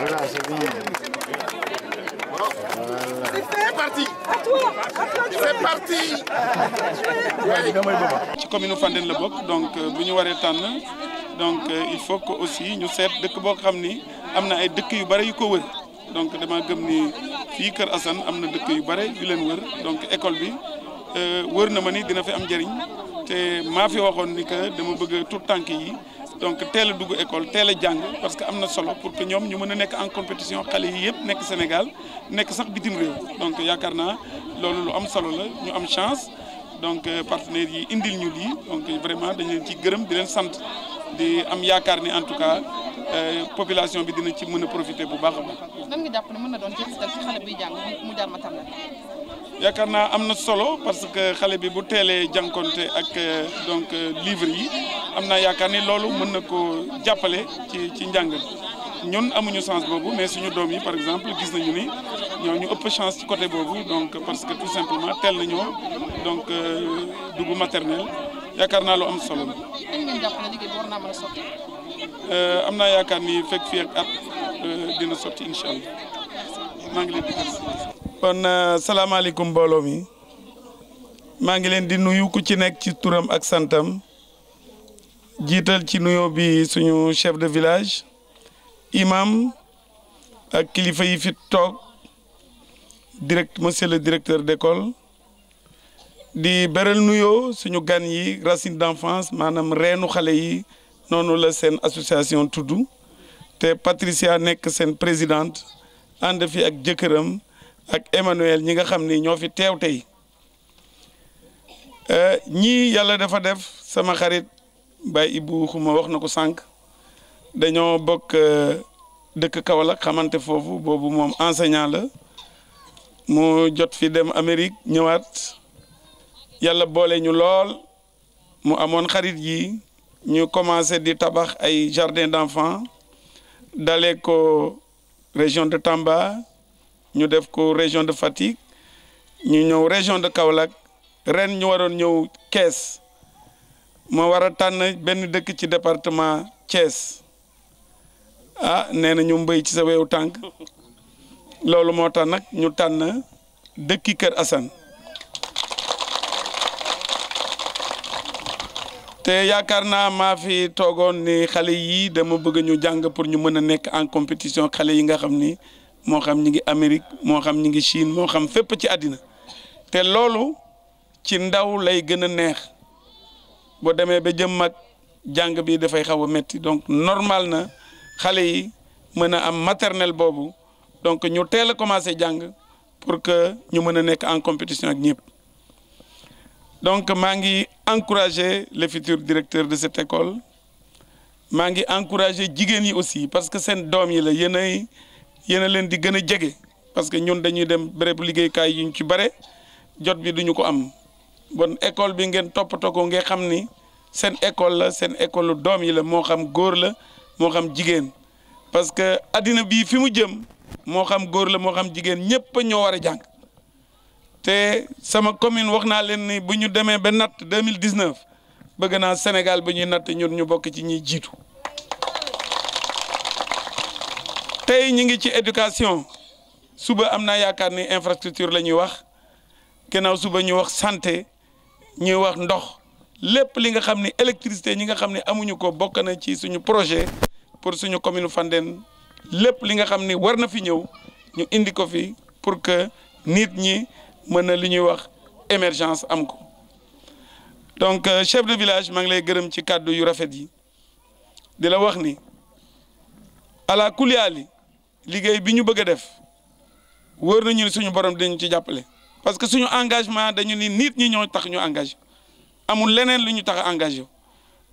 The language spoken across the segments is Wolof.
Voilà, c'est bon. Voilà. ci commune la bokk donc euh, bu ñu waree tànn donc euh, il faut que aussi ñu seet dëkk boo xam ni am na ay dëkk yu bare yu ko wër donc dama gëm ni fii Kër Assane am na dëkk yu bare yu leen wër donc école bi euh, wër na ma ni dina fi am njëriñ te maa fi waxoon ni que dama bëgg tout tànk yi. donc teela a école teel a jàng parce que am na solo pour que ñoom ñu mën a nekk en compétition xale yi yëpp nekk Sénégal nekk sax bitim réew donc yaakaar naa loolu lu am solo la ñu am chance donc euh, partenaires yi indil ñu lii donc vraiment dañu leen ciy gërëm di leen sant. di am yaakaar ni en tout cas euh, population bi dina ci mën a profiter bu baax a baax. jàpp ne mën na doon jeexital ci mu jaar yaakaar naa am na solo parce que xale bi bu teelee jànkonte ak euh, donc euh, livre yi am naa yaakaar ni loolu mën na ko jàppale ci ci njàng ñun amuñu chance boobu mais suñu doom yi par exemple gis nañu ni ñoo ñu ëpp chance ci côté boobu donc parce que tout simplement teel nañoo donc dugg maternelle. yaakaar naa lu am solo la. Euh, am naa yaakaar ni fekk fii ak at euh, dina sotti incha allah maa ngi leen di kon euh, salaamaaleykum mbooloo mi maa ngi leen di nuyu ku ci nekk ci turam ak santam jiital ci nuyoo bi suñu chef de village imam ak kilifa yi fi toog direct monsieur le directeur d'école di beral nuyoo suñu gan yi racine d'enfance maanaam reenu xale yi noonu la seen association tudd te Patricia nekk seen présidente ànd fi ak jëkkëram ak Emmanuel ñi nga xam ni ñoo fi teew tey euh, ñii yàlla dafa def sama xarit Baye Ibou xuma wax na ko sànq dañoo bokk euh, dëkk Kaolack xamante foofu boobu moom enseignant la mu jot fi dem Amérique ñëwaat yàlla boole ñu lool mu amoon xarit yi ñu commencé di tabax ay jardin d'enfants dale ko région de Tamba ñu def ko région de Fatick ñu ñëw région de Kaolack ren ñu waroon ñëw Kees ma war a tànn benn dëkk ci département Thiès ah nee na ñu mbéy ci sa weewu tànk loolu moo tax nag ñu tànn dëkki Kër Assane te yaakaar naa maa fi toogoon ni xale yii dama bëgg ñu jàng pour ñu mën a nekk en compétition xale yi nga xam ni moo xam ñi ngi Amérique moo xam ñi ngi Chine moo xam fépp ci àddina te loolu ci ndaw lay gën a neex boo demee ba jëm mag jàng bi dafay xaw a métti donc normal na xale yi mën a am maternelle boobu donc ñu teel a commencé jàng pour que ñu mën a nekk en compétition ak ñëpp. donc maa ngi encourager les futurs directeur de cette école maa ngi encourager jigéen yi aussi parce que seen doom yi la yéen ay yéen a leen di gën a jege parce que ñun dañuy dem béréb liggéeykaay ñu ci bare jot bi duñu ko am bon école bi ngeen toppatoo ko ngeen xam ni seen école la seen école doom yi la moo xam góor la moo xam jigéen parce que àddina bi fi mu jëm moo xam góor la moo xam jigéen ñëpp ñoo war a jàng. te sama commune wax naa leen ni bu ñu demee ba natt 2019 bëgg naa Sénégal bu ñuy natt ñun ñu bokk ci ñuy jiitu tey ñu ngi ci éducation suba am naa yaakaar ni infrastructure la ñuy wax gannaaw suba ñu wax santé ñuy wax ndox lépp li nga xam ne électricité ñi nga xam ne amuñu ko bokk na ci suñu projet pour suñu commune fanden lépp li nga xam ni war na fi ñëw ñu indi ko fi pour que nit ñi mën na li ñuy wax émergence am ko donc euh, chef de village maa ngi lay gërëm ci kàddu yu rafet yi di la wax ni ala kuliyaali liggéey bi ñu bëgg a def wër nañu ne suñu borom dinañ ci jàppale parce que suñu engagement dañu nii nit ñi ñoo tax ñu engage amul leneen lu ñu tax engage engagé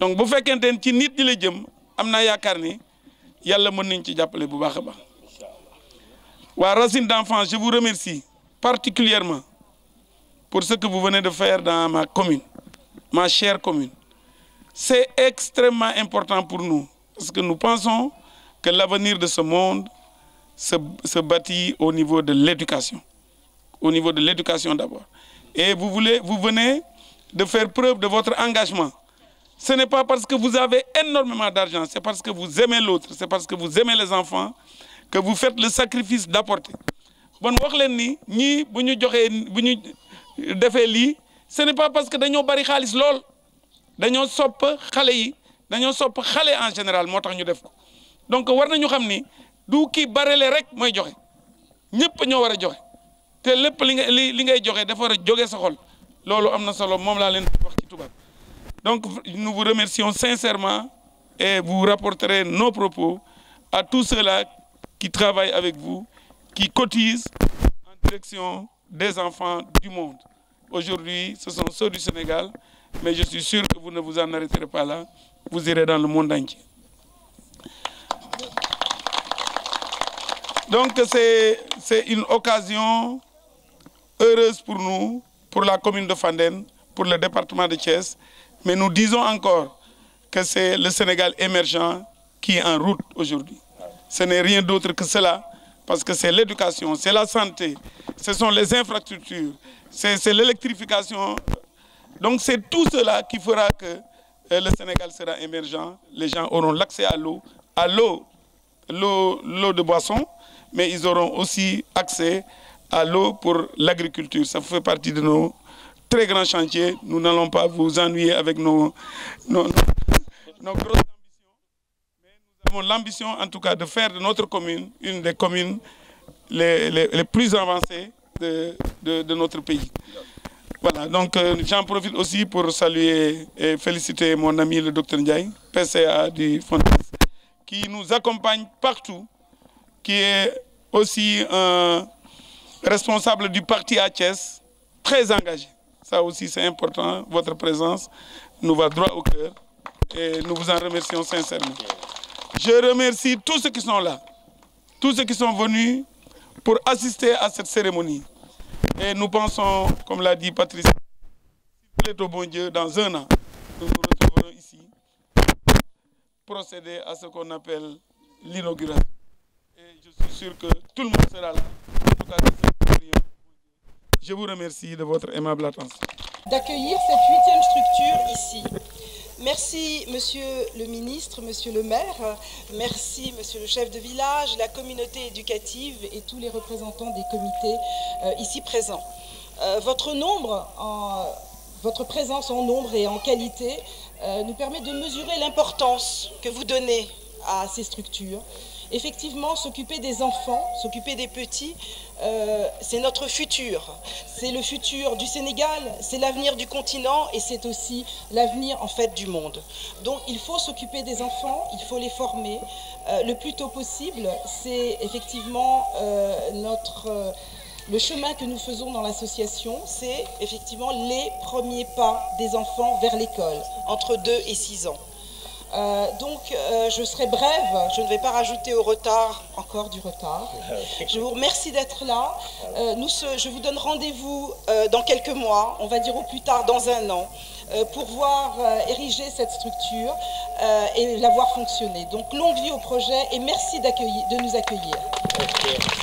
donc bu fekkente ne ci nit ñi la jëm am naa yaakaar ni yàlla mën nañ ci jàppale bu baax a baax waa Racine d'enfance je vous remercie particulièrement pour ce que vous venez de faire dans ma commune, ma chère commune. C'est extrêmement important pour nous, parce que nous pensons que l'avenir de ce monde se, se bâtit au niveau de l'éducation. Au niveau de l'éducation d'abord. Et vous, voulez, vous venez de faire preuve de votre engagement. Ce n'est pas parce que vous avez énormément d'argent, c'est parce que vous aimez l'autre, c'est parce que vous aimez les enfants que vous faites le sacrifice d'apporter. bon wax leen nii ñii bu ñu joxee bu ñu defee lii ce n'est pas parce que dañoo bari xaalis lool dañoo sopp xale yi dañoo sopp xale en général moo tax ñu def ko donc war na nañu xam ni du kii barele rek mooy joxe ñëpp ñoo war a joxe te lépp li nga li li ngay joxe dafa war a jóge sa xol loolu am na solo moom laa leen wax ci tubaab donc nous vous remercions sincèrement et vous rapporterez nos propos à tous ceux-là qui travaillent avec vous qui cotisent en direction des enfants du monde. Aujourd'hui, ce sont ceux du Sénégal, mais je suis sûr que vous ne vous en arrêterez pas là, vous irez dans le monde entier. Donc c'est une occasion heureuse pour nous, pour la commune de fanden pour le département de Thiès, mais nous disons encore que c'est le Sénégal émergent qui est en route aujourd'hui. Ce n'est rien d'autre que cela. parce que c'est l'éducation, c'est la santé, ce sont les infrastructures, c'est l'électrification. Donc c'est tout cela qui fera que euh, le Sénégal sera émergent, les gens auront l'accès à l'eau, à l'eau, de boisson, mais ils auront aussi accès à l'eau pour l'agriculture. Ça fait partie de nos très grands chantiers. Nous n'allons pas vous ennuyer avec nos, avons l'ambition en tout cas de faire de notre commune une des communes les, les, les plus avancées de, de, de, notre pays. Voilà, donc euh, j'en profite aussi pour saluer et féliciter mon ami le docteur Ndiaye, PCA du FONDAS, qui nous accompagne partout, qui est aussi un responsable du parti HS, très engagé. Ça aussi c'est important, votre présence nous va droit au cœur et nous vous en remercions sincèrement. Je remercie tous ceux qui sont là, tous ceux qui sont venus pour assister à cette cérémonie. Et nous pensons, comme l'a dit Patrice, s'il plaît au bon Dieu, dans un an, nous nous retrouverons ici procéder à ce qu'on appelle l'inauguration. Et je suis sûr que tout le monde sera là. En tout cas, je vous remercie de votre aimable attention. D'accueillir cette huitième structure ici. Merci, monsieur le ministre, monsieur le maire. Merci, monsieur le chef de village, la communauté éducative et tous les représentants des comités euh, ici présents. Euh, votre nombre en, votre présence en nombre et en qualité euh, nous permet de mesurer l'importance que vous donnez à ces structures, effectivement, s'occuper des enfants, s'occuper des petits, euh, c'est notre futur. C'est le futur du Sénégal, c'est l'avenir du continent et c'est aussi l'avenir en fait du monde. Donc il faut s'occuper des enfants, il faut les former euh, le plus tôt possible. C'est effectivement euh, euh, Le chemin que nous faisons dans l'association, c'est effectivement les premiers pas des enfants vers l'école, entre 2 et 6 ans. Euh, donc, euh, je serai brève. Je ne vais pas rajouter au retard encore du retard. Je vous remercie d'être là. Euh, je vous donne rendez-vous euh, dans quelques mois, on va dire au plus tard dans un an, euh, pour voir ériger cette structure et la voir fonctionner. Donc, longue vie au projet et merci de nous accueillir.